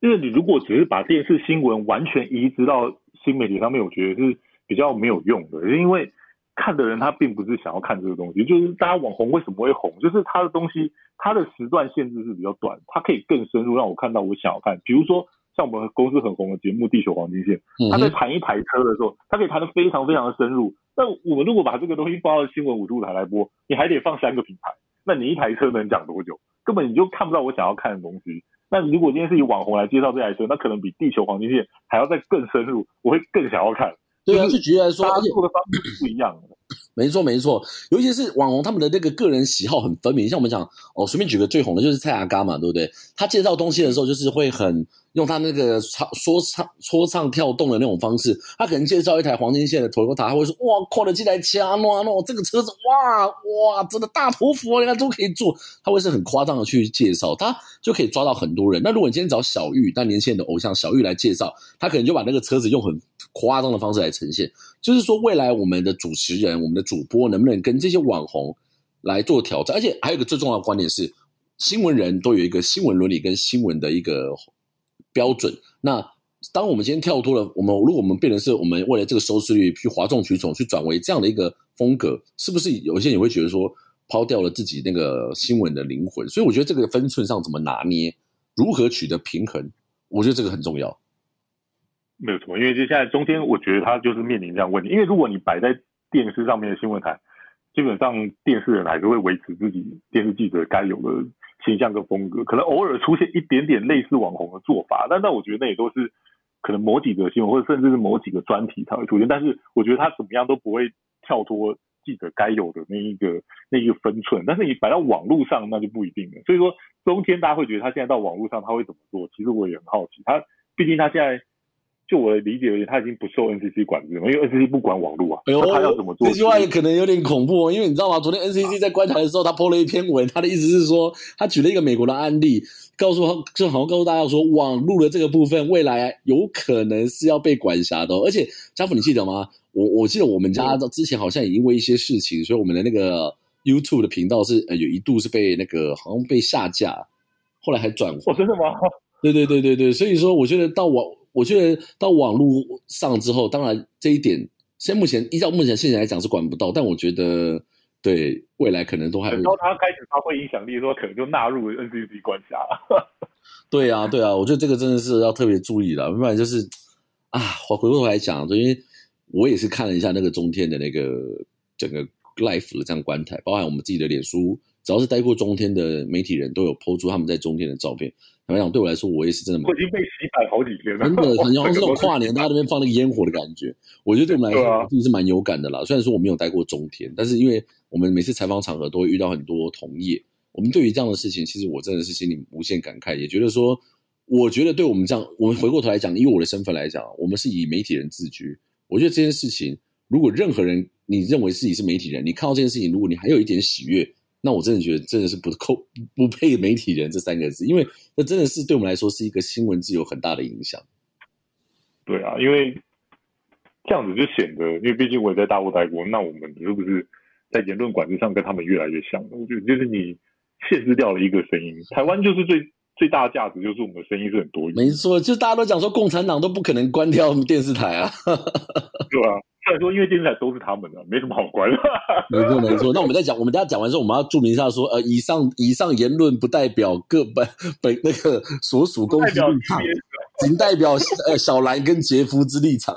因為你如果只是把電視新聞完全移植到新媒體上面，我覺得是比較沒有用的，因為看的人他並不是想要看這個東西。就是大家網紅為什麼會紅，就是他的東西，他的時段限制是比較短，他可以更深入讓我看到我想要看。比如說像我們公司很紅的節目《地球黃金線》，他、嗯、在談一台車的時候，他可以談得非常非常的深入。但我們如果把這個東西放到新聞五十五台來播，你還得放三個品牌，那你一台車能講多久？根本你就看不到我想要看的東西。那如果今天是以網紅來介紹這台車，那可能比地球黃金線還要再更深入，我會更想要看。對啊，就覺得說他做的方式是不一樣的。 沒錯沒錯，尤其是網紅，他們的那個個人喜好很分明。像我們講哦，隨便舉個最紅的，就是蔡阿嘎嘛，對不對？他介紹東西的時候，就是會很用他那個唱說唱、說唱跳動的那種方式。他可能介紹一台黃金線的 Toyota，他會說：“哇，靠了幾台車啊，諾啊諾，這個車子哇哇，真的大陀佛，人家都可以坐。”他會是很誇張的去介紹，他就可以抓到很多人。那如果你今天找小玉，那年輕人的偶像小玉來介紹，他可能就把那個車子用很誇張的方式來呈現，就是說，未來我們的主持人、我們的主播能不能跟這些網紅來做挑戰？而且還有一個最重要的觀點是，新聞人都有一個新聞倫理跟新聞的一個標準。那當我們今天跳脫了，我們如果我們變成是我們為了這個收視率去譁眾取寵，去轉為這樣的一個風格，是不是有些人也會覺得說，拋掉了自己那個新聞的靈魂？所以我覺得這個分寸上怎麼拿捏，如何取得平衡，我覺得這個很重要。沒有什麼，因為就現在中天，我覺得他就是面臨這樣問題。因為如果你擺在電視上面的新聞台，基本上電視人還是會維持自己電視記者該有的形象跟風格，可能偶爾出現一點點類似網紅的做法，但但我覺得那也都是可能某幾個新聞或者甚至是某幾個專題才會出現。但是我覺得他怎麼樣都不會跳脫記者該有的那一個那一個分寸。但是你擺到網絡上，那就不一定了。所以說，中天大家會覺得他現在到網絡上他會怎麼做？其實我也很好奇他，畢竟他現在。就我的理解而言，他已經不受 NCC 管制了，因為 NCC 不管網絡啊，哎、呦他要怎麼做？這句話可能有點恐怖、哦，因為你知道嗎？昨天 NCC 在觀察的時候，他 po 了一篇文、啊，他的意思是說，他舉了一個美國的案例，告訴他，就好像告訴大家說，網絡的這個部分未來有可能是要被管轄的、哦。而且，傑夫，你記得嗎？我我記得我們家之前好像也因為一些事情，所以我們的那個 YouTube 的頻道是、呃、有一度是被那個好像被下架，後來還轉過、哦。真的嗎？對對對對對，所以說我覺得到網。我覺得到網絡上之後，當然這一點，現目前依照目前現在來講是管不到，但我覺得對未來可能都還有。到他開始發揮影響力的時候，說可能就納入 NCC 管轄 、啊。對呀，對呀，我覺得這個真的是要特別注意的。不然就是啊，我回過頭來講，因為我也是看了一下那個中天的那個整個 life 的這樣觀態，包含我們自己的臉書，只要是待過中天的媒體人都有 PO 出他們在中天的照片。來講，對我來說，我也是真的我已經被洗版好幾天了。真的，好像是那種跨年大家在那邊放那個煙火的感覺，我覺得對我們來講，真的、啊、是蠻有感的啦。雖然說我沒有待過中天，但是因為我們每次採訪場合都會遇到很多同業，我們對於這樣的事情，其實我真的是心裡無限感慨，也覺得說，我覺得對我們這樣，我們回過頭來講，因、嗯、為我的身份來講，我們是以媒體人自居，我覺得這件事情，如果任何人你認為自己是媒體人，你看到這件事情，如果你還有一點喜悅。那我真的覺得真的是不扣，不配“媒體人”這三個字，因為那真的是對我們來說是一個新聞自由很大的影響。對啊，因為這樣子就顯得，因為畢竟我也在大陸待過，那我們是不是在言論管制上跟他們越來越像呢？我覺得就是你限制掉了一個聲音，台灣就是最。最大的價值就是我們的聲音是很多的沒錯。就大家都講說，共產黨都不可能關掉我們電視台啊、嗯， 對啊再說，因為電視台都是他們的，沒什麼好關的沒。 沒錯，沒錯。那我們在講，我們等下講完之後，我們要註明一下說，呃，以上以上言論不代表各班、本，本那個所屬公司立場，僅代表小呃小藍跟杰夫之立場。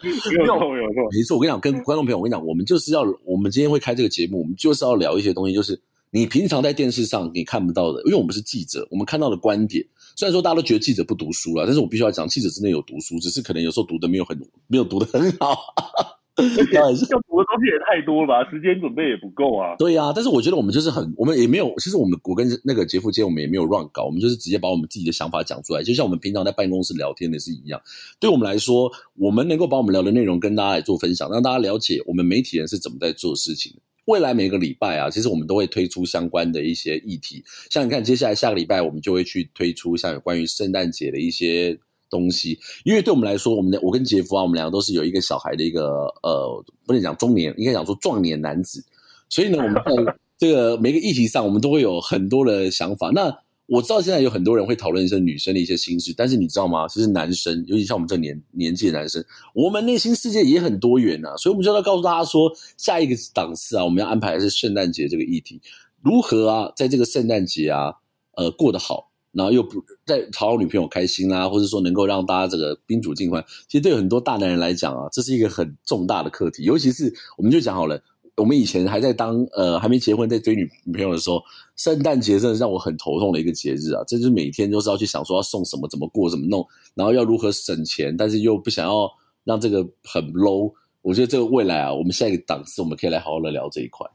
錯 有錯錯。 沒錯。我跟你講，跟觀眾朋友，我跟你講，我們就是要，我們今天會開這個節目，我們就是要聊一些東西，就是。你平常在電視上你看不到的。因為我們是記者，我們看到的觀點，雖然說大家都覺得記者不讀書啦，但是我必須要講，記者之內有讀書，只是可能有時候讀的沒有很，沒有讀的很好，哈哈，而且要 讀的東西也太多吧，時間準備也不夠啊。對呀，啊，但是我覺得我們就是很，我們也沒有，其實我們我跟那個傑夫傑，我們也沒有亂搞，我們就是直接把我們自己的想法講出來，就像我們平常在辦公室聊天的是一樣。對我們來說，我們能夠把我們聊的內容跟大家來做分享，讓大家了解我們媒體人是怎麼在做事情的，未來每個禮拜啊，其實我們都會推出相關的一些議題。像你看，接下來下個禮拜我們就會去推出像有關於聖誕節的一些東西。因為對我們來說，我們的我跟傑夫啊，我們兩個都是有一個小孩的一個呃，不能講中年，應該講說壯年男子。所以呢，我們在這個每個議題上，我們都會有很多的想法。那。我知道現在有很多人會討論一些女生的一些心事，但是你知道嗎？其實男生，尤其像我們這年年紀的男生，我們內心世界也很多元吶、啊。所以我們就要告訴大家說，下一個檔次啊，我們要安排的是聖誕節這個議題，如何啊，在這個聖誕節啊，呃，過得好，然後又不再討好女朋友開心啊，或者說能夠讓大家這個賓主盡歡。其實對很多大男人來講啊，這是一個很重大的課題，尤其是我們就講好了。我們以前還在當呃還沒結婚在追女朋友的時候，聖誕節真的讓我很頭痛的一個節日啊！這就是每天都是要去想說要送什麼、怎麼過、怎麼弄，然後要如何省錢，但是又不想要讓這個很 low。我覺得這個未來啊，我們下一個檔次我們可以來好好的聊這一塊。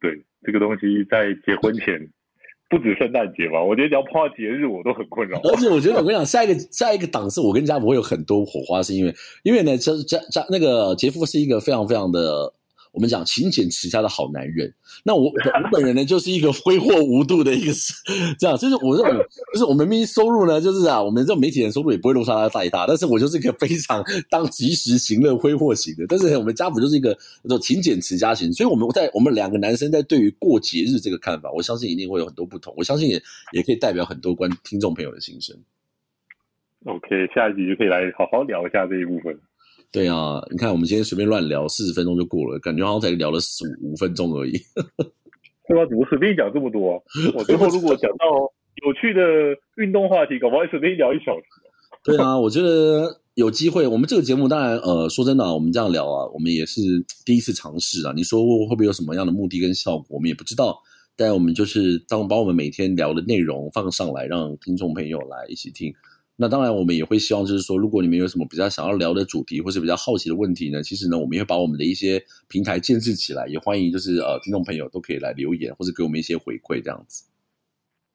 對，這個東西在結婚前不止聖誕節吧？我覺得只要碰到節日，我都很困擾。而且我覺得我跟你講 下一個下一個檔次，我跟家博會有很多火花，是因為因為呢，杰家家,家那個杰夫是一個非常非常的。我們講勤儉持家的好男人，那我我本人呢，就是一個揮霍無度的一個這樣，就是我就是我們媒體收入呢，就是啊，我們這種媒體人收入也不會落差太大、大、大，但是我就是一個非常當及時行樂揮霍型的，但是我們家父就是一個做勤儉持家型，所以我們在我們兩個男生在對於過節日這個看法，我相信一定會有很多不同，我相信也也可以代表很多觀聽眾朋友的心聲。OK，下一集就可以來好好聊一下這一部分。對啊，你看，我們今天隨便亂聊四十分鐘就過了，感覺好像才聊了十五分鐘而已。 對啊，怎麼隨便講這麼多？我最後如果講到有趣的運動話題，搞不好會隨便一聊一小時。 對啊，我覺得有機會，我們這個節目當然，呃，說真的啊，我們這樣聊啊，我們也是第一次嘗試啊。你說會不會有什麼樣的目的跟效果，我們也不知道。但我們就是當把我們每天聊的內容放上來，讓聽眾朋友來一起聽。那當然，我們也會希望，就是說，如果你們有什麼比較想要聊的主題，或是比較好奇的問題呢？其實呢，我們也會把我們的一些平台建設起來，也歡迎，就是呃，聽眾朋友都可以來留言，或者給我們一些回饋，這樣子。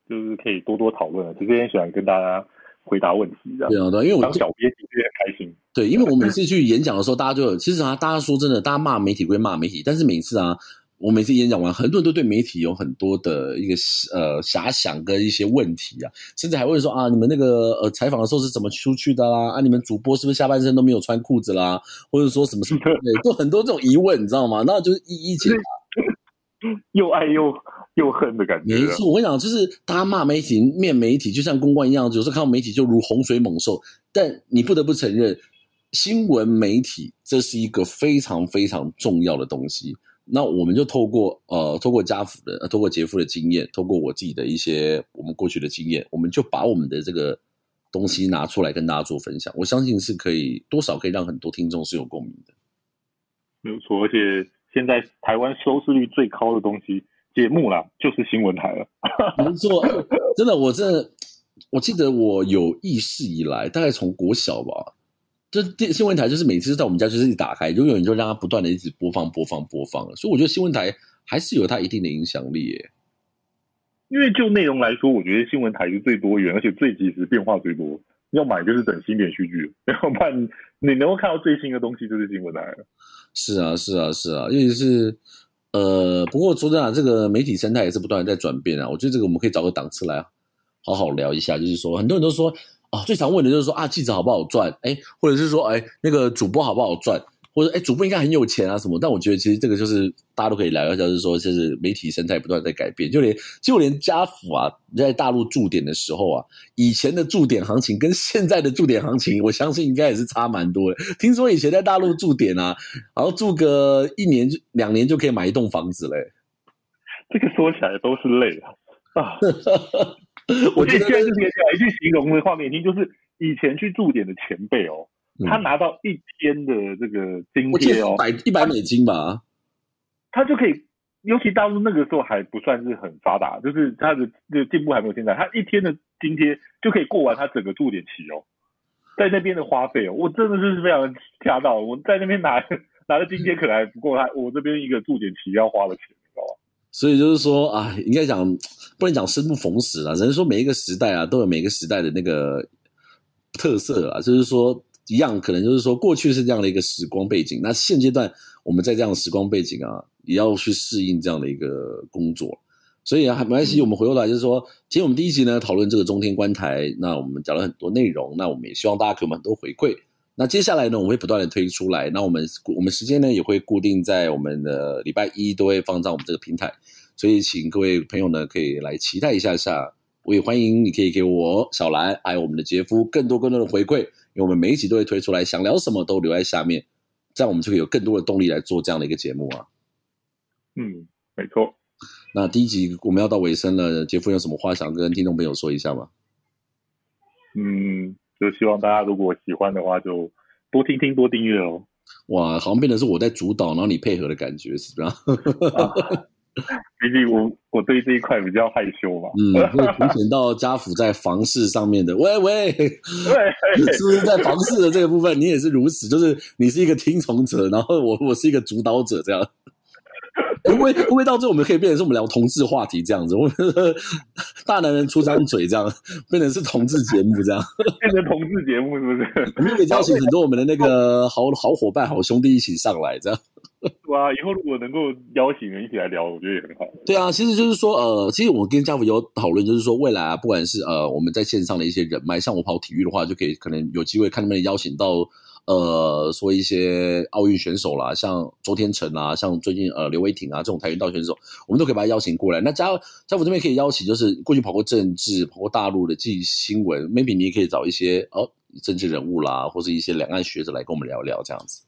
就是可以多多討論，其實也很喜歡跟大家回答問題的。對啊，因為我當小編其實也開心。對，因為我每次去演講的時候， 大家就其實啊，大家說真的，大家罵媒體歸罵媒體，但是每次啊。我每次演講完，很多人都對媒體有很多的一個呃遐想，跟一些問題啊，甚至還會說啊，你們那個呃採訪的時候是怎麼出去的啦？啊，你們主播是不是下半身都沒有穿褲子啦？或者說什麼什麼的，就 很多這種疑問，你知道嗎？那就是一一解答 又愛又又恨的感覺。沒錯，我跟你講，就是大家罵媒體、面媒體，就像公關一樣，有時候看到媒體就如洪水猛獸。但你不得不承認，新聞媒體這是一個非常非常重要的東西。那我們就透過呃，透過家父的，呃，透過杰夫的經驗，透過我自己的一些我們過去的經驗，我們就把我們的這個東西拿出來跟大家做分享。我相信是可以多少可以讓很多聽眾是有共鳴的。沒有錯，而且現在台灣收視率最高的東西，節目啦，就是新聞台了。 沒錯，真的，我這我記得我有意識以來，大概從國小吧。就是新聞台，就是每次到我們家就是一打開，如果有人就讓它不斷的一直播放播放播放，所以我覺得新聞台還是有它一定的影響力耶。因為就內容來說，我覺得新聞台是最多元，而且最及時，變化最多。要買就是等新連續劇，要辦你能夠看到最新的東西就是新聞台。是啊，是啊，是啊，因為是呃，不過說真的，這個媒體生態也是不斷在轉變啊。我覺得這個我們可以找個檔次來好好聊一下，就是說很多人都說。哦、最常問的就是說啊，記者好不好賺？哎，或者是說哎，那個主播好不好賺？或者哎，主播應該很有錢啊什麼？但我覺得其實這個就是大家都可以聊，就是說，就是媒體生態不斷在改變。就連就連家父啊，在大陸駐點的時候啊，以前的駐點行情跟現在的駐點行情，我相信應該也是差蠻多的。聽說以前在大陸駐點啊，然後住個一年兩年就可以買一棟房子嘞、欸，這個說起來都是淚啊啊！啊 我現在就是講一句形容的話給你聽，就是以前去駐點的前輩哦、嗯，他拿到一天的這個津貼哦，一百美金吧，他就可以，尤其大陸那個時候還不算是很發達，就是他的那個進步還沒有現在，他一天的津貼就可以過完他整個駐點期哦，在那邊的花費哦，我真的是非常的嚇到，我在那邊拿拿的津貼可能還不夠他、嗯、我這邊一個駐點期要花的錢。所以就是說啊，應該講不能講生不逢時啊，只能說每一個時代啊都有每一個時代的那個特色啊，嗯、就是說一樣，可能就是說過去是這樣的一個時光背景，那現階段我們在這樣的時光背景啊，也要去適應這樣的一個工作。所以啊，沒關係，我們回過來就是說，其、嗯、實我們第一集呢討論這個中天關台，那我們講了很多內容，那我們也希望大家給我們很多回饋。那接下來呢，我們會不斷的推出來。那我們我們時間呢，也會固定在我們的禮拜一都會放在我們這個平台，所以請各位朋友呢，可以來期待一下下。我也歡迎你可以給我小藍，還有我們的杰夫更多更多的回饋，因為我們每一集都會推出來，想聊什麼都留在下面，這樣我們就會有更多的動力來做這樣的一個節目啊。嗯，沒錯。那第一集我們要到尾聲了，杰夫有什麼話想跟聽眾朋友說一下嗎？嗯。就希望大家如果喜歡的話，就多聽聽多訂閱哦。哇，好像變成是我在主導，然後你配合的感覺，是不是？畢、啊、竟我我對這一塊比較害羞嘛。嗯，會凸顯到家父在房事上面的 餵餵，餵，你是不是在房事的這個部分， 你也是如此？就是你是一個聽從者，然後我我是一個主導者，這樣。因為因為到最後，我們可以變成是我們聊同志話題這樣子，我們大男人出張嘴這樣，變成是同志節目這樣， 變成同志節目是不是？我們可以邀請很多我們的那個好好伙伴、好兄弟一起上來這樣。哇，以後如果能夠邀請人一起來聊，我覺得也很好。對啊，其實就是說，呃，其實我跟家福有討論，就是說未來啊，不管是呃，我們在線上的一些人脈，像我跑體育的話，就可以可能有機會看他們的邀請到。呃，說一些奧運選手啦，像周天成啊，像最近呃劉威廷啊這種跆拳道選手，我們都可以把他邀請過來。那家在我這邊可以邀請，就是過去跑過政治、跑過大陸的記憶新聞，maybe 你也可以找一些哦政治人物啦，或是一些兩岸學者來跟我們聊聊這樣子。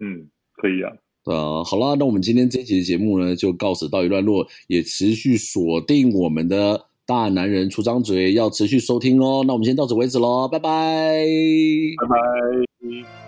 嗯，可以啊。呃好啦，那我們今天這期的節目呢，就到此告一段落，也持續鎖定我們的。大男人出張嘴，要持續收聽哦。那我們先到此為止嘍，拜拜，拜拜。